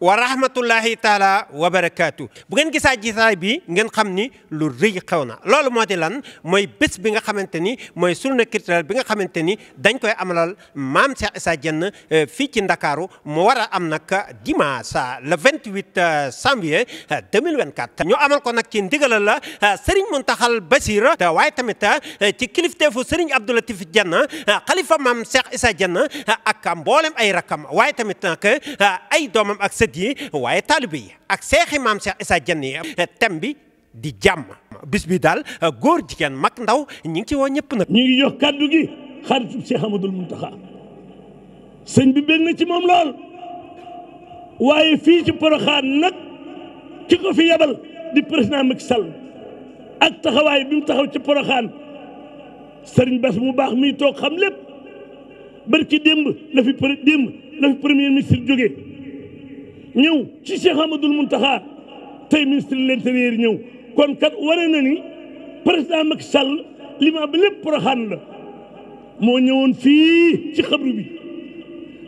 wa rahmatullahi taala wa barakaatu bu ngeen gisaa jisaay bi ngeen xam ni lu rëy xew na loolu moo lan mooy bés bi nga xamante ni mooy journée culturelle bi nga xamante ni dañ koy amalal maam Cheikh Issa Diène euh, fii ci Ndakaaru mu war a am nag dimanche euh, le 28 euh, janvier ta ñu amal ko nag ci ndigalal la Serigne Mountakhal Bassir waaye tamit ci kilifteefu Serigne Abdou Latif janna xalifa maam Cheikh Issa Diène ak mboolem ay rakam waaye tamit ay doomam ak hëddiye waaye taalibe ak seexi maam Seex Isaa Jeen yi eh, thème bi di jàmm bis daal eh, góor jigéen mag ndaw ñi ngi ci woo ñëpp nag ñu ngi jox kàddu gi xaritub Seex mu Muntaxa sëñ bi bég ci moom lool waaye fii ci Poroxaan nag ki ko fi yebal di président Macky sal ak taxawaay bi mu taxaw ci Poroxaan sëriñ Bass mu baax mi toog xam lépp barki démb la fi démb la fi premier ministre jógee ñëw ci Cheikh mun taxa tey ministre de l'intérieur ñëw kon kat waree na ni président Macky Sall li bi ba lépp poroxaan la moo ñëwoon fii ci xabru bi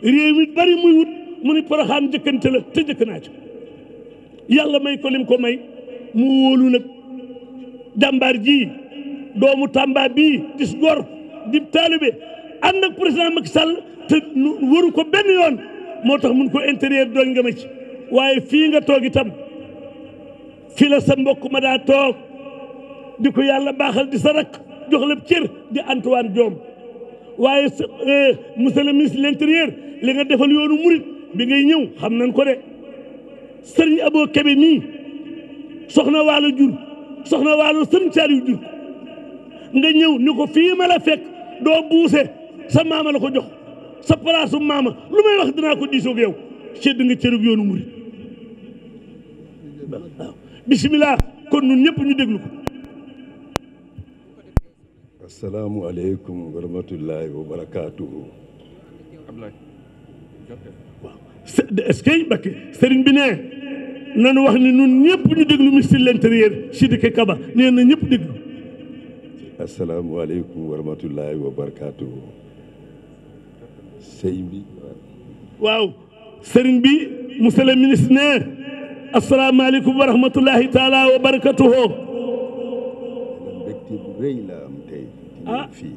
réew mi bari muy wut mu ni poroxaan jëkkante te jëkk naa yàlla may ko lim ko may mu wóolu nag jàmbaar ji doomu Tamba bii dis gor di taalibe ànd ak président Macky Sall te waru ko benn yoon moo tax mun ko intérieur dooñ nga ma waaye fii nga toog itam fi la sa mbokk ma daa toog di ko yàlla baaxal di sa rakk jox la cër di Antoine joom waaye euh, monsieur le ministre de l'intérieur li nga defal yoonu murit bi ngay ñëw xam nañ ko de sëriñ Abo Kebe nii soxna waalo jur soxna waalo sëriñ Saaliw jur nga ñëw ni ko fii ma la fekk doo buuse sa maama la ko jox sa palaasu maama lu may wax dinaa ko diisoog yow sedd nga cërub yoonu murid waaw kon ñun ñëpp ñu déglu ko asalaamualeykum wa rahmatullahi wa barakaatuhu waaw est-ce que Mbakke sëriñ bi ne nanu wax ni ñun ñëpp ñu déglu ministre de l'intérieur Sidiki Kaba nee na ñëpp déglu asalaamualeykum wa rahmatullahi wa waaw sëriñ bi monsieur le ministre ne asalaamaaleykum wa rahmatullahi taala wa barakatuho mbégte bu rëy tey ah fii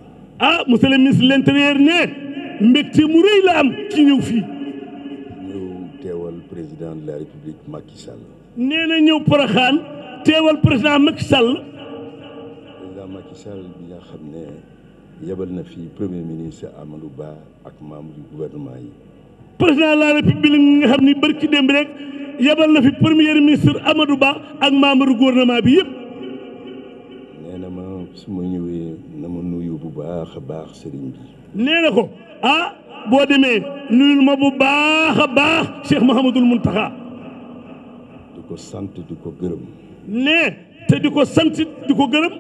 ah monsieur le ministre l'intérieur ne mbégte mu rëy la am ci ñëw fii ñëw teewal président de la république Macky Sall nee na ñëw Porokhane teewal président Macky Sall président Macky Sall bi nga xam ne yebal na fi premier ministre Amadou baax ak membre yu gouvernement yi. président de la république nga xam ni barki démb rek yebal na fi premier ministre amadu baax ak membre gouvernement bi yëpp. nee na ma su ma ñëwee na ma nuyu bu baax a baax sëriñ bi. nee na ko a ah, boo demee nuyul ma bu baax a baax Cheikh Mouhamadul Mountakha. di ko sant di ko gërëm. nee te di ko sant di ko gërëm.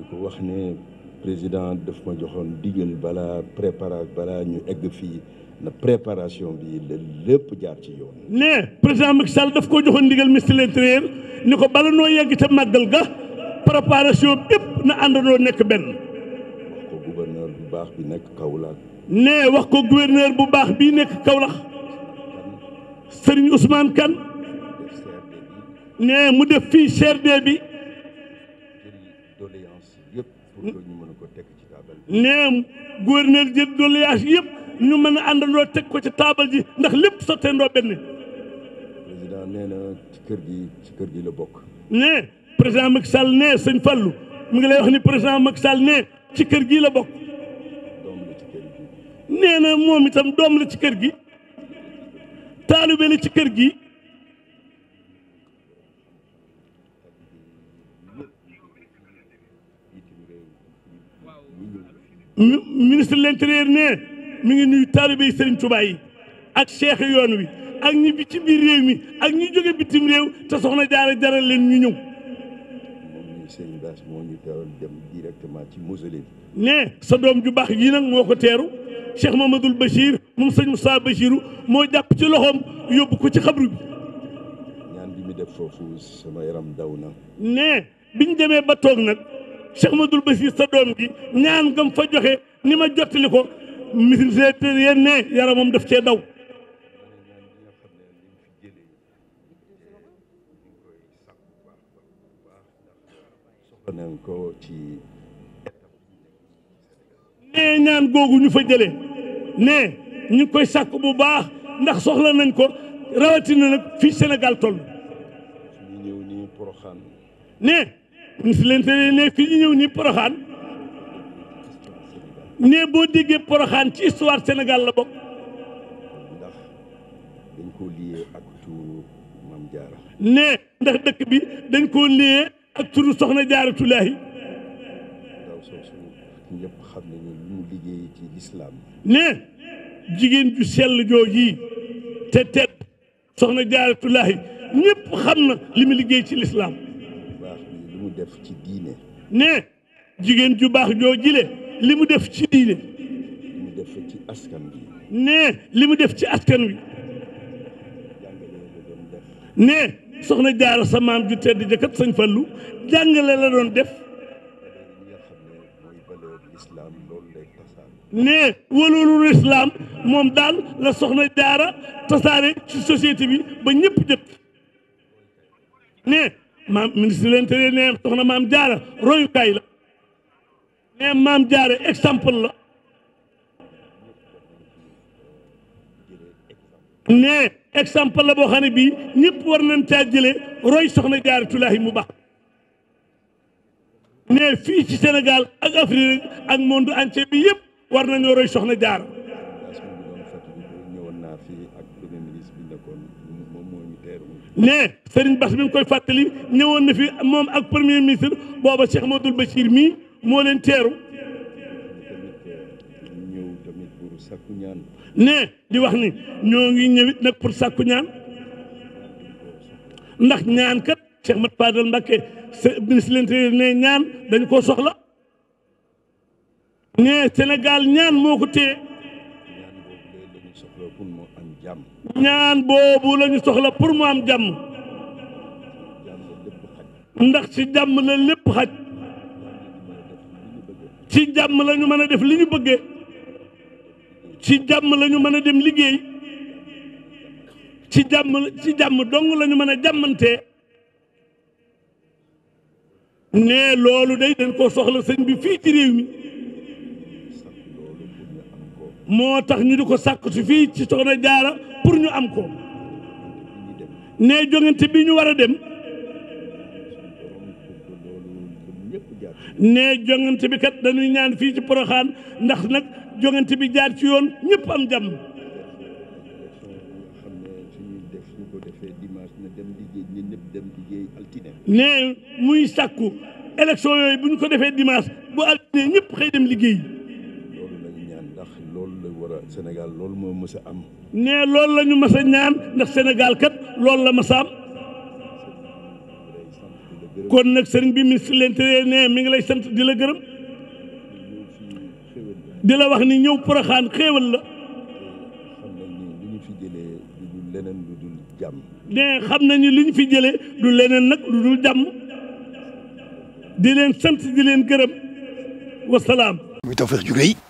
di ko wax ne. président daf ma joxoon digal balaa préparer balaa ñu egg fii na préparation bi la lépp jaar ci yoon. ne président Macky Sall daf koo joxoon digal ministre de l'intérieur ni ko bala noo yegg ca màggal ga préparation bépp na àndandoo nekk benn. wax ko gouverneur bu baax bi nekk Kaolack. ne wax ko gouverneur bu baax bii nekk Kaolack Serigne Ousmane kan ne mu def fii CRD bi. nee gouverneur ji dolli yaas yëpp ñu mën a àndandoo teg ko ci taabal ji ndax lépp sottee ndoo benn. président nee na bokk. nee président Macky Sall nee sëñ Fallou mu ngi lay wax ni président Macky sal nee ci kër gii la bokk. doom nee na moom itam doom la ci kër gi. taalibe benn ci kër gi. ministre de l'intérieur ne mu ngi nuyu taalibe yi Serigne Touba yi ak cheikh yoon wi ak ñi bi ci biir réew mi ak ñi jóge bitim réew te soxna jaara jaral leen ñu ñëw. Serigne ci mausolée bi. ne sa doom ju baax yi nag moo ko teeru Cheikh Mamadou Bachir moom sëñ Moussa Bachirou moo jàpp ci loxoom yóbbu ko ci xabru bi. ñaan bi mu def foofu sama yaram daw na. ne biñ demee ba toog nag. Cheikh Madul Basiir sa doom gi ñaan gam fa joxe ni ma jottali ko ministère yéen ne yaramam def cee daw nañ ko ci ñaan googu ñu fa jële ne ñu koy sàkk bu baax ndax soxla nañ ko rawatina nag fii senegal toll. ñu ne ministre de ne fi ñu ñëw ni poroxaan ne boo déggee poroxaan ci histoire senegal la bokk. ndax dañ koo liyee ak turu ne ndax dëkk bi dañ koo liyee ak turu Soxna Jaara Tulaahi. ndaw soosu ñëpp xam nañu lu liggéey ci lislaam. ne jigéen ju sell jooji te tedd Soxna Jaara Tulaahi ñëpp xam na li mu liggéey ci lislaam def ci diine. ne jigéen ju baax joo jile li mu def ci diine. li askan li mu def ci askan wi. ne soxna jaara sa maam ju tedd jëkkat sëñ Fallu jàngale la doon def. ne waloolu lislaam moom daal la soxna jaara tasaare ci société bi ba ñépp jëpp ne maam ministre de l'intérieur nee soxna maam jaara royukaay la nee maam jaara exemple la exemple la boo xam ne bii ñëpp war nañ caa jëlee roy soxna jaara tulaahi mu baax nee fii ci Sénégal ak Afrique ak monde entier bi yëpp war nañoo roy soxna jaara ne Serigne Bass bi mu koy fàttali ñëwoon na fi moom ak premier ministre booba Cheikh Madoul Bachir mii moo leen teeru ne di wax ni ñoo ngi ñëwit nag pour sàkku ñaan ndax ñaan kat Cheikh Mat Fadal Mbacké ministre l'intérieur ñaan dañ koo soxla ne senegal ñaan moo ko téye ñaan boobu la soxla pour mu am jàmm ndax ci jàmm la lépp xaj ci jàmm la ñu mën a def li ñu bëggee ci jàmm lañu mën a dem liggéey ci jàmm ci jàmm dong lañu mën a jàmmantee ne loolu day dañ koo soxla sëñ bi fii ci réew mi moo tax ñu di ko sàkku fii ci soxna jaara pour ñu am ko ne jongante bi ñu war a dem ne jongante bi kat dañuy ñaan fii ci poroxaan ndax nag jongante bi jaar ci yoon ñëpp am jàmm ne muy sàkku élection yooyu bu ñu ko defee dimanche bu altine ñëpp xëy dem liggéey Sénégal loolu moo mës a am. ne loolu la ñu mës ñaan ndax Sénégal kat loolu la mës am. kon nag sëriñ bi ministre de l'intérieur nee mi ngi lay sant di la gërëm. di la wax ni ñëw Porokhane xéewal la. leneen lu dul jàmm. mais xam nañu li ñu fi jëlee du leneen nag lu dul jàmm di leen sant di leen gërëm wasalaam. muy Tawfekh ju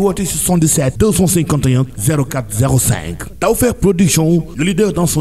woote 77 251 04 05 Tawfekh Production le